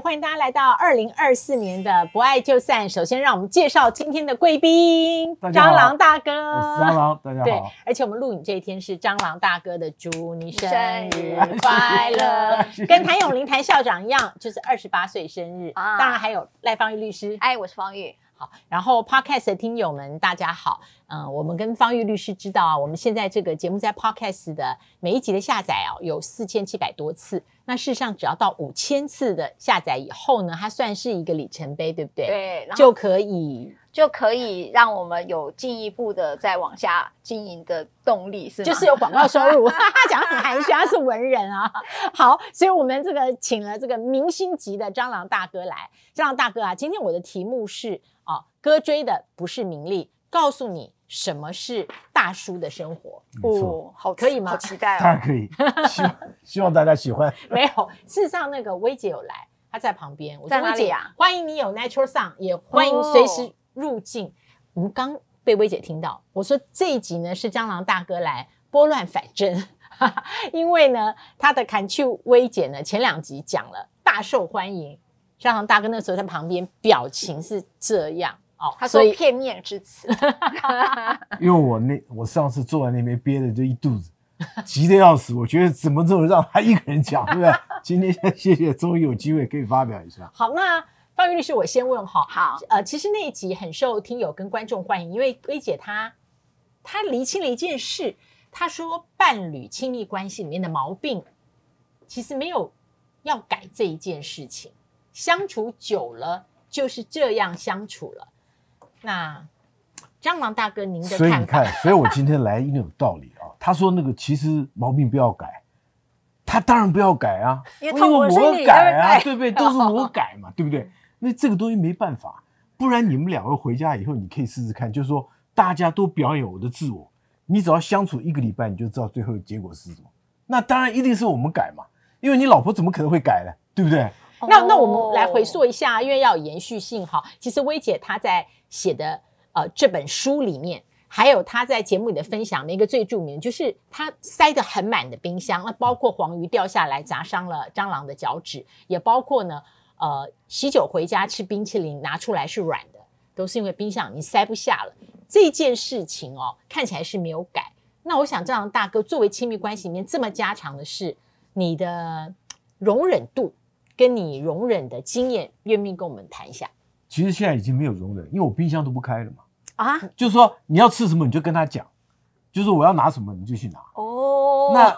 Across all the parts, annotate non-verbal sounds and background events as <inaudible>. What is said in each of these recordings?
歡迎大家來到二零二四年的《不愛就散》。首先，讓我們介紹今天的貴賓——張郎大哥。張郎，大家好。對，而且我們錄影這一天是張郎大哥的祝你生日快樂，跟譚詠麟譚校長一樣，就是二十八歲生日啊。當然還有賴芳玉律師。哎，我是芳玉。好，然後 Podcast 的聽友們，大家好。嗯，我們跟芳玉律師知道，啊，我們現在這個節目在 Podcast 的每一集的下載啊，有四千七百多次。那事實上，只要到五千次的下載以後呢，它算是一個里程碑，對不對？對，就可以、就可以讓我們有進一步的再往下經營的動力，是，就是有廣告收入。哈 <laughs> <laughs> 講的很含蓄，他是文人啊。好，所以我們這個請了這個明星級的張郎大哥來。張郎大哥啊，今天我的題目是啊，哥追的不是名利。告訴你什麼是大叔的生活，不錯、哦、好可以嗎？好期待、啊，當然可以。希望 <laughs> 希望大家喜歡。 <laughs> 沒有，事實上那個薇姐有來，她在旁邊。在薇姐啊？歡迎你有 Natural Sound，也歡迎隨時入境。哦、我們剛被薇姐聽到，我說這一集呢是張郎大哥來撥亂反正，因為呢他的 c a n u 薇姐呢前兩集講了大受歡迎，張郎大哥那時候在旁邊，表情是這樣。哦，他說片面之詞，因為我那我上次坐在那邊憋着就一肚子，急得要死，我覺得怎麼這麼讓他一個人講， <laughs> 對不對？今天謝謝，終於有機會可以發表一下。好，那芳玉律師，我先問哈，好，好呃，其實那一集很受聽友跟觀眾歡迎，因為薇姐她她釐清了一件事，她說伴侶親密關係裡面的毛病，其實沒有要改這一件事情，相處久了就是這樣相處了。那張郎大哥，您的所以你看，所以我今天來一定有道理啊。 <laughs> 他說那個其實毛病不要改，他當然不要改啊，因為痛、哦、我改啊，對不對？都是我改嘛，哦、對不對？那這個東西沒辦法，不然你們兩個回家以後，你可以試試看，就是說大家都表演我的自我，你只要相處一個禮拜，你就知道最後的結果是什麼？那當然一定是我們改嘛，因為你老婆怎麼可能會改呢？對不對？那那我們來回溯一下，oh。因為要有延續性哈。其實薇姐她在寫的呃這本書裡面，還有她在節目裡的分享的一個最著名就是她塞得很滿的冰箱，那包括黃魚掉下來砸傷了蟑螂的腳趾，也包括呢呃喜酒回家吃冰淇淋拿出來是軟的，都是因為冰箱你塞不下了這件事情哦，看起來是沒有改。那我想，張大哥作為親密關係裡面這麼家常的是你的容忍度，跟你容忍的經驗，願意跟我們談一下。其實現在已經沒有容忍，因為我冰箱都不開了嘛。啊，就是說你要吃什麼，你就跟他講，就是我要拿什麼，你就去拿。哦，那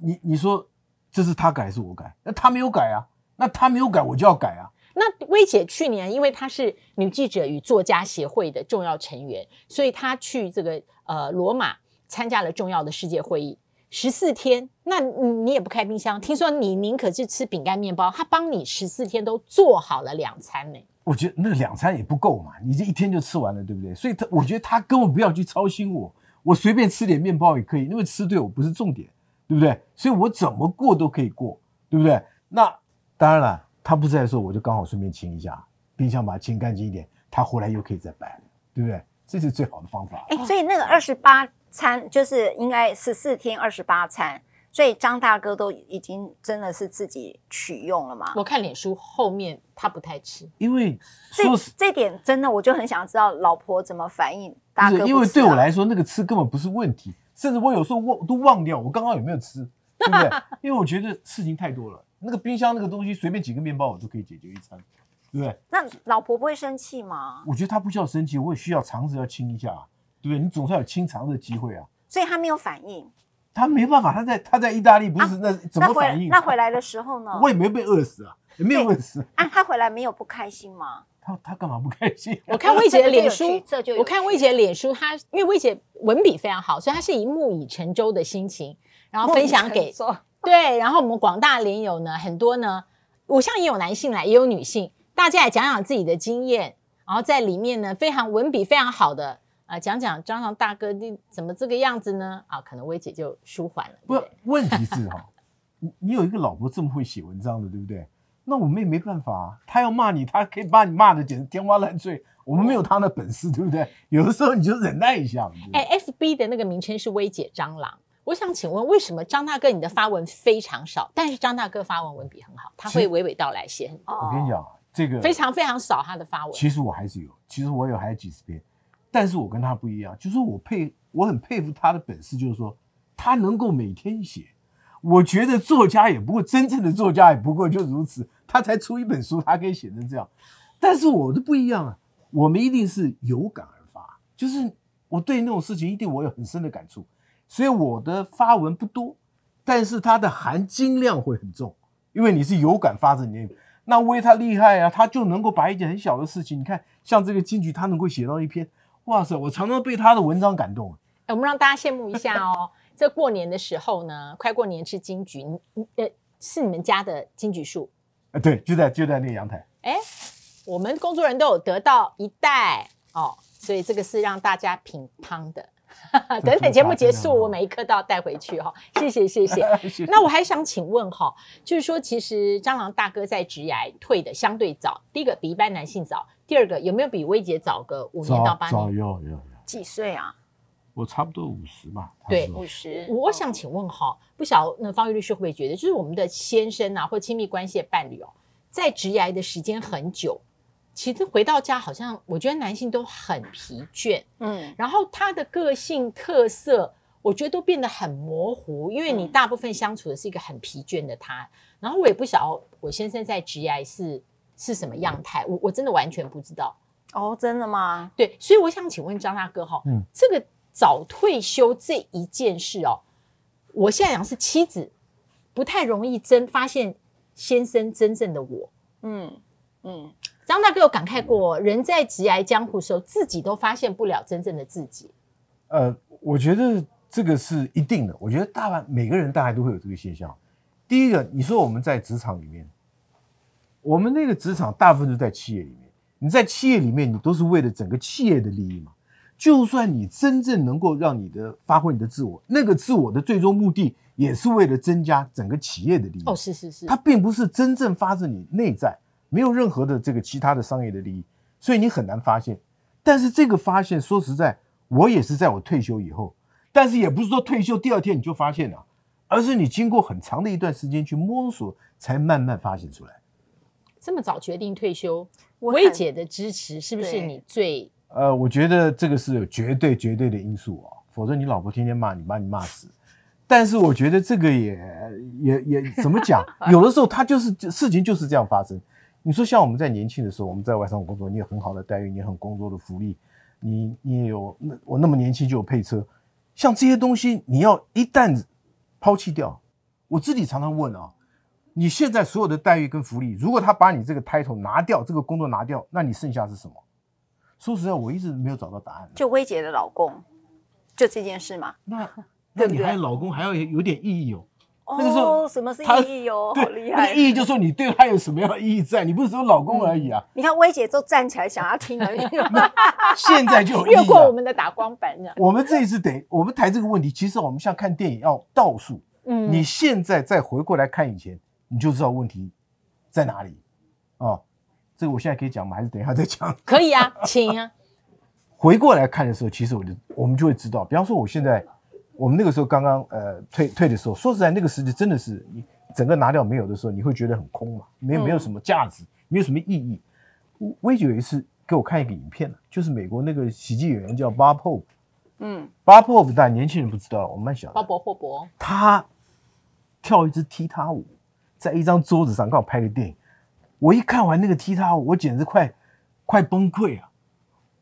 你你說這是他改還是我改？那他沒有改啊，那他沒有改，我就要改啊。那薇姐去年因為她是女記者與作家協會的重要成員，所以她去這個呃羅馬參加了重要的世界會議。十四天，那你，你也不開冰箱。聽說你寧可去吃餅乾、麵包，他幫你十四天都做好了兩餐呢、欸。我覺得那個兩餐也不夠嘛，你這一天就吃完了，對不對？所以他，他我覺得他根本不要去操心我，我隨便吃點面包也可以，因為吃對我不是重點，對不對？所以我怎麼過都可以過，對不對？那當然了，他不在的時候，我就剛好順便清一下冰箱，把它清乾淨一點，他回來又可以再擺，對不對？這是最好的方法。哎，所以那個二十八。餐就是應該十四天二十八餐，所以張大哥都已經真的是自己取用了嘛。我看臉書後面他不太吃，因為這，這點真的我就很想知道老婆怎麼反應。大哥、啊，因為對我來說那個吃根本不是問題，甚至我有時候忘都忘掉我剛剛有沒有吃，對不對？ <laughs> 因為我覺得事情太多了，那個冰箱那個東西隨便幾個麵包我都可以解決一餐，對不對？那老婆不會生氣嗎？我覺得他不需要生氣，我也需要腸子要清一下、啊。對不對？你總算有清腸的機會啊！所以他沒有反應，他沒辦法，他在他在意大利，不是、啊、那怎麼反應那？那回來的時候呢？ <laughs> 我也沒被餓死啊，也沒有餓死啊。他回來沒有不開心嗎？他他幹嘛不開心、啊？我看薇姐的臉書，哦，這個就有趣，這就有趣。我看薇姐的臉書，她因為薇姐文筆非常好，所以她是一木以木已成舟的心情，然後分享給對，然後我們廣大聯友呢，很多呢，我像也有男性來，也有女性，大家也講講自己的經驗，然後在裡面呢，非常文筆非常好的。啊、呃，講講張郎大哥你怎麼這個樣子呢？啊、哦，可能薇姐就舒緩了。對不，對不，問題是哈， <laughs> 你有一個老婆這麼會寫文章的，對不對？那我們也沒辦法，他要罵你，他可以把你罵的簡直天花亂墜，我們沒有他的本事，對不對？有的時候你就忍耐一下嘛。哎、欸、，F B 的那個名稱是薇姐張郎，我想請問為什麼張大哥你的發文非常少，但是張大哥發文文筆很好，他會娓娓道來先。我跟你講，哦、這個非常非常少他的發文。其實我還是有，其實我有還有幾十篇。但是我跟他不一樣，就是我佩，我很佩服他的本事，就是說他能夠每天寫。我覺得作家也不過真正的作家也不過就如此，他才出一本書，他可以寫成這樣。但是我的不一樣啊，我們一定是有感而發，就是我對那種事情一定我有很深的感觸，所以我的發文不多，但是它的含金量會很重，因為你是有感發自內心。那薇他厲害啊，他就能夠把一件很小的事情，你看像這個京劇，他能夠寫到一篇。哇塞！我常常被他的文章感動。哎，我們讓大家羨慕一下哦。 <laughs> 這過年的時候呢，快過年吃金桔，呃，是你們家的金桔樹？呃，對，就在就在那個陽台。哎，我們工作人都有得到一袋哦，所以這個是讓大家品嚐的。 <laughs> 等等節目結束，我每一刻都要帶回去哈、哦。 <laughs> 謝謝謝謝。 <laughs> <laughs> 那我還想請問哈、哦，就是說其實張郎大哥在職涯退的相對早，第一個比一般男性早，第二個有沒有比薇姊早個五年到八年？早，有有有。幾歲啊？我差不多五十吧。對，五十。我想請問哈、哦，不曉得芳玉律師會不會覺得，就是我們的先生啊，或親密關係的伴侶哦，在職涯的時間很久。其實回到家，好像我覺得男性都很疲倦，嗯，然後他的個性特色，我覺得都變得很模糊，因為你大部分相處的是一個很疲倦的他。嗯、然後我也不曉得我先生在職涯，是是什麼樣態，我我真的完全不知道。哦，真的嗎？對，所以我想請問張大哥哈，嗯，這個早退休這一件事哦，我現在講是妻子不太容易真發現先生真正的我，嗯嗯。嗯。張大哥有感慨過，人在急挨江湖的時候，自己都發現不了真正的自己。呃，我覺得這個是一定的。我覺得大凡每個人大概都會有這個現象。第一個，你說我們在職場裡面，我們那個職場大部分都在企業裡面。你在企業裡面，你都是為了整個企業的利益嘛。就算你真正能夠讓你的發揮你的自我，那個自我的最終目的也是為了增加整個企業的利益。哦，是是是，它並不是真正發自你內在。沒有任何的這個其他的商業的利益，所以你很難發現。但是這個發現，說實在，我也是在我退休以後，但是也不是說退休第二天你就發現了，而是你經過很長的一段時間去摸索，才慢慢發現出來。這麼早決定退休，薇很姐的支持是不是你最？呃，我覺得這個是有絕對絕對的因素啊、哦，否則你老婆天天罵你，把你罵死。 <laughs> 但是我覺得這個也也也怎麼講？ <laughs> 有的時候他就是事情就是這樣發生。你說像我們在年輕的時候，我們在外商我工作，你有很好的待遇，你有很工作的福利，你你也有，那我那麼年輕就有配車，像這些東西你要一旦拋棄掉，我自己常常問啊，你現在所有的待遇跟福利，如果他把你這個 title 拿掉，這個工作拿掉，那你剩下是什麼？說實在，我一直沒有找到答案。就薇姐的老公，就這件事嘛。那那你還老公還要有點意義哦。那什麼是意義哦？好厲害。那意義就是說你對他有什麼樣的意義在？你不是說老公而已啊！嗯、你看薇姐都站起來想要聽而已、啊。 <laughs> 現在就有意義，越過我們的打光板了。我們這一次得，我們談這個問題，其實我們像看電影要倒數。嗯，你現在再回過來看以前，你就知道問題在哪裡。哦、啊，這個我現在可以講嗎？還是等一下再講？可以啊，請啊。 <laughs> 回過來看的時候，其實我就我們就會知道，比方說我現在。我們那個時候剛剛呃退退的時候，說實在，那個時期真的是你整個拿掉沒有的時候，你會覺得很空嘛，沒有沒有什麼價值，嗯、沒有什麼意義。薇姊有一次給我看一個影片，就是美國那個喜劇演員叫巴破，嗯，巴破，但年輕人不知道，我們想小。巴伯霍伯，他跳一支踢踏舞，在一張桌子上剛好拍個電影。我一看完那個踢踏舞，我簡直快快崩潰啊！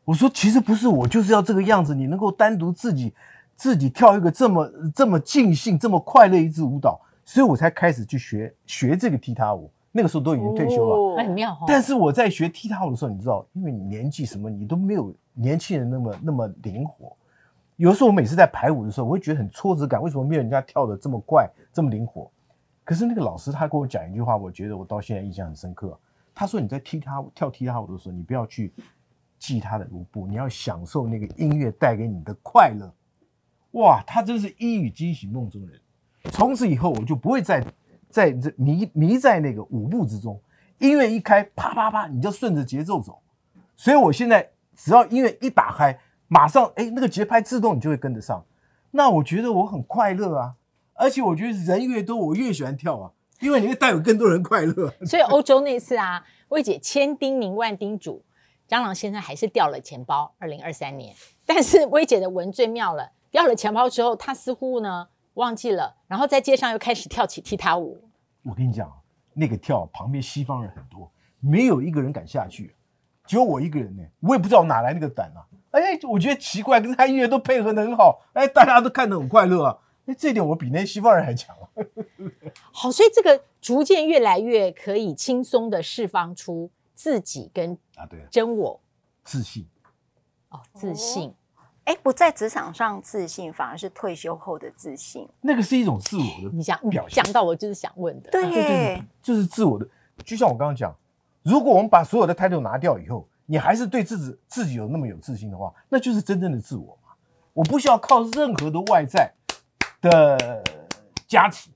我說，其實不是我，我就是要這個樣子，你能夠單獨自己，自己跳一個這麼這麼盡興、這麼快樂一支舞蹈，所以我才開始去學學這個踢踏舞。那個時候都已經退休了，那很、哦、但是我在學踢踏舞的時候，你知道，因為你年紀什麼，你都沒有年輕人那麼那麼靈活。有時候我每次在排舞的時候，我會覺得很挫折感，為什麼沒有人家跳的這麼快、這麼靈活？可是那個老師他跟我講一句話，我覺得我到現在印象很深刻。他說：“你在踢踏舞跳踢踏舞的時候，你不要去記他的舞步，你要享受那個音樂帶給你的快樂。”哇，他真是一語驚醒夢中人。從此以後，我就不會再在這迷迷在那個舞步之中。音樂一開，啪啪啪，你就順着節奏走。所以，我現在只要音樂一打開，馬上哎、欸，那個節拍自動你就會跟得上。那我覺得我很快樂啊，而且我覺得人越多，我越喜歡跳啊，因為你會帶有更多人快樂、啊。所以歐洲那次啊，薇姐千叮嚀萬叮囑，張郎先生還是掉了錢包。二零二三年，但是薇姐的文最妙了。到了錢包之後，他似乎呢忘記了，然後在街上又開始跳起踢踏舞。我跟你講，那個跳旁邊西方人很多，沒有一個人敢下去，只有我一個人呢。我也不知道我哪來那個膽啊！哎，我覺得奇怪，跟他音樂都配合得很好。哎，大家都看得很快樂啊！哎，這一點我比那西方人還強啊！ <laughs> 好，所以這個逐漸越來越可以輕鬆地釋放出自己跟啊對真我自信哦，自信。哦哎，不在職場上自信，反而是退休後的自信。那個是一種自我的表現，你想想到我就是想問的，對，對對，嗯就是，就是自我的。就像我剛剛講，如果我們把所有的態度拿掉以後，你還是對自己自己有那麼有自信的話，那就是真正的自我嘛。我不需要靠任何的外在的加持。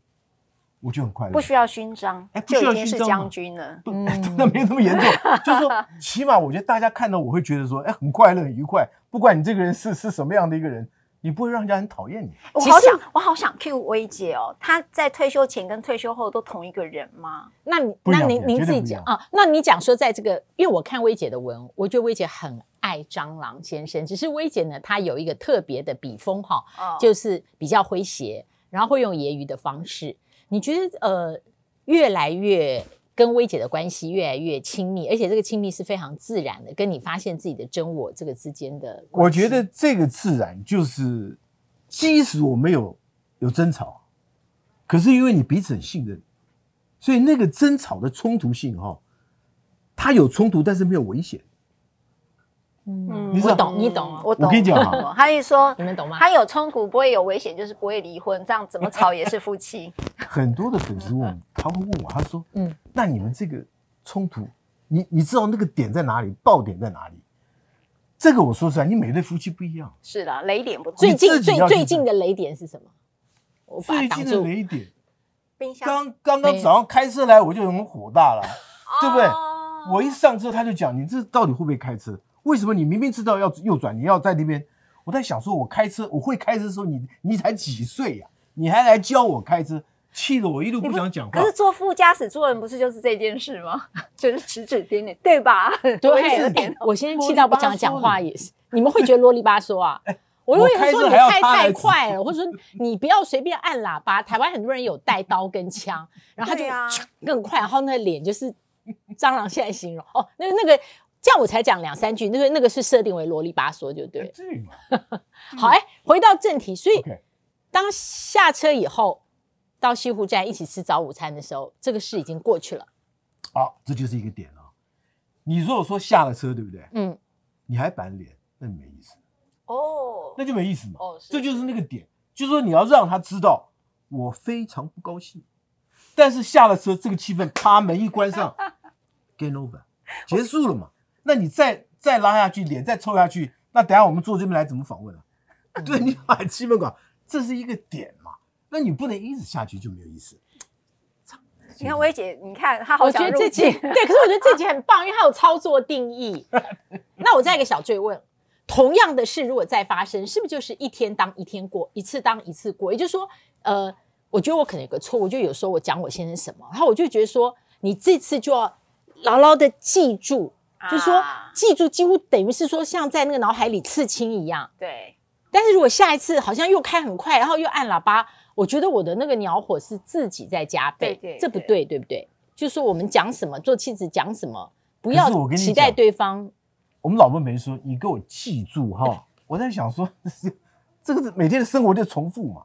我就很快樂，不，不需要勳章，哎，就已經是將軍了。嗯、不，那沒那麼嚴重。 <laughs> 就是說，起碼我覺得大家看到我會覺得說，哎，很快樂，很愉快。不管你這個人是是什麼樣的一個人，你不會讓人家很討厭你。我好想，其實我好想 Q 薇姐哦。她在退休前跟退休後都同一個人嗎？那，那你，那您您自己講啊，哦？那你講說，在這個，因為我看薇姐的文，我覺得薇姐很愛蟑螂先生。只是薇姐呢，她有一個特別的筆鋒哈，哦哦，就是比較詼諧，然後會用揶揄的方式。你覺得呃，越來越跟薇姐的關係越來越親密，而且這個親密是非常自然的，跟你發現自己的真我這個之間的關係。我覺得這個自然就是，即使我們有有爭吵，可是因為你彼此很信任，所以那個爭吵的衝突性哈，它有衝突，但是沒有危險。嗯，我懂，你懂，我懂。我跟你講啊，他一說，你們懂嗎？他有衝突，不會有危險，就是不會離婚。這樣怎麼吵也是夫妻。很多的粉絲問，他會問我，他說，嗯，那你們這個衝突，你你知道那個點在哪裡，爆點在哪裡？這個我說實在，你每對夫妻不一樣。是的，雷點不同。最近最最近的雷點是什麼？最近的雷點，冰箱。剛剛剛早上開車來，我就很火大了，對不對？我一上車他就講，你這到底會不會開車？為什麼你明明知道要右轉，你要在那邊？我在想，說我開車，我會開車的時候，你你才幾歲呀？你還來教我開車？氣得我一路不想講話。可是坐副駕駛坐人不是就是這件事嗎？就是指指點點，對吧？對。我現在氣到不想講話，也是你們會覺得囉里吧嗦啊？我如果說你開太快了，或者說你不要隨便按喇叭，台灣很多人有帶刀跟槍，然後就更快，然後那臉就是蟑螂，現在形容哦，那那個。這樣我才講兩三句，那個那個是設定為囉里吧嗦，就對。好，哎，回到正題，所以 Okay. 當下車以後，到西湖站一起吃早午餐的時候，這個事已經過去了。好、啊，這就是一個點啊。你如果說下了車，對不對？嗯。你還板臉，那你沒意思。哦。那就沒意思嘛。哦，這就是那個點，就是說你要讓他知道我非常不高興，但是下了車，這個氣氛啪 <laughs> 門一關上 g a m over，Okay. 結束了嘛。那你再再拉下去，臉再臭下去，那等下我們坐這邊來怎麼訪問啊？嗯、對，你把氣氛搞，這是一個點嘛。那你不能一直下去，就沒有意思。嗯、你看薇姐，你看她好，我覺得自己對，可是我覺得自己很棒，啊、因為她有操作定義。 <laughs> 那我再一個小追問：同樣的事如果再發生，是不是就是一天當一天過，一次當一次過？也就是說，呃，我覺得我可能有個錯誤，我就有時候我講我先生什麼，然後我就覺得說，你這次就要牢牢的記住。就是說，記住，幾乎等於是說，像在那個腦海裡刺青一樣。對。但是如果下一次好像又開很快，然後又按喇叭，我覺得我的那個惱火是自己在加倍。對對。這不對，對不對？就是說我們講什麼，做妻子講什麼，不要，就是我跟你，期待對方。我們老婆沒說，你給我記住哈、啊。我在想說，這個是每天的生活就重複嘛，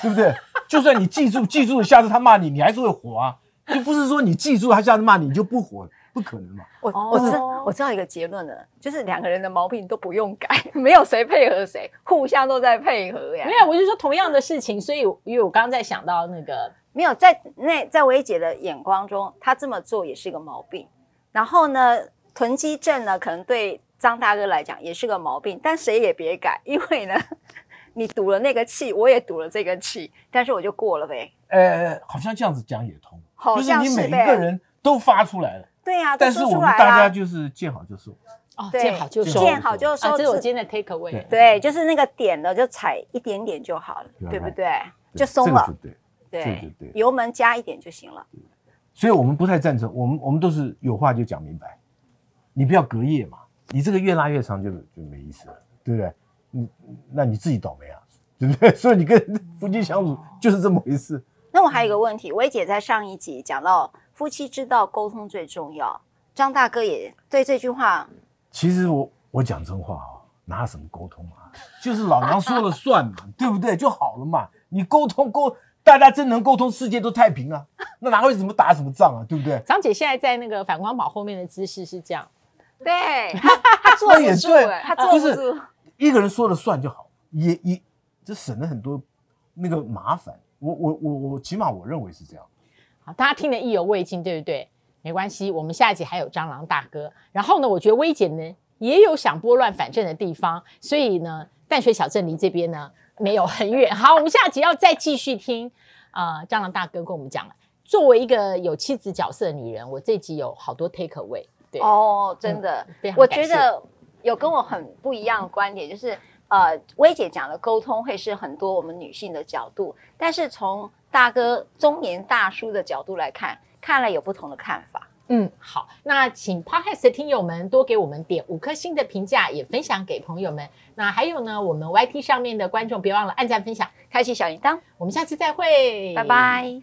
對不對？就算你記住，記住，下次他罵你，你還是會火啊。就不是說你記住，他下次罵你，你就不火。不可能嘛！我我知道我知道一個結論了，就是兩個人的毛病都不用改，沒有誰配合誰，互相都在配合呀。沒有，我就說同樣的事情，所以因為我剛剛在想到那個，沒有在那在薇姐的眼光中，他這麼做也是一個毛病。然後呢，囤積症，呢，可能對張大哥來講也是個毛病，但誰也別改，因為呢，你堵了那個氣，我也堵了這個氣，但是我就過了唄。呃、欸，好像這樣子講也通，好像是就是你每一個人都發出來了。對呀，但是我們大家就是見好就收啊，見好就收，見好就收，這是我今天的 take away。對，就是那個點了，就踩一點點就好了，對不對？就鬆了，對對對，油門加一點就行了。所以我們不太贊成，我們我們都是有話就講明白，你不要隔夜嘛，你這個越拉越長就就沒意思了，對不對？那你自己倒霉啊，對不對？所以你跟夫妻相處就是這麼回事。那我還有一個問題，薇姐在上一集講到。夫妻之道，溝通最重要。張大哥也對這句話。其實我我講真話哦，哪有什麼溝通啊？就是老娘說了算嘛， <laughs> 對不對？就好了嘛。你溝通溝，大家真能溝通，世界都太平啊。那哪會怎麼打什麼仗啊？對不對？ <laughs> 張姐現在在那個反光寶後面的姿勢是這樣，對，坐 <laughs> 也對，他坐就是一個人說了算就好，也也就省了很多那個麻煩。我我我我，我我起碼我認為是這樣。大家聽得意猶未盡，對不對？沒關係，我們下一集還有張郎大哥。然後呢，我覺得薇姐呢也有想撥亂反正的地方，所以呢，淡水小鎮離這邊呢沒有很遠。好，我們下一集要再繼續聽啊、呃，張郎大哥跟我們講了。作為一個有妻子角色的女人，我這集有好多 take away 對。對哦，真的，嗯、我覺得有跟我很不一樣的觀點，就是。呃，薇姐講的溝通會是很多我們女性的角度，但是從大哥中年大叔的角度來看，看來有不同的看法。嗯，好，那請 Podcast 的聽友們多給我們點五顆星的評價，也分享給朋友們。那還有呢，我們 YT 上面的觀眾，別忘了按讚、分享、開啟小鈴鐺。我們下次再會，拜拜。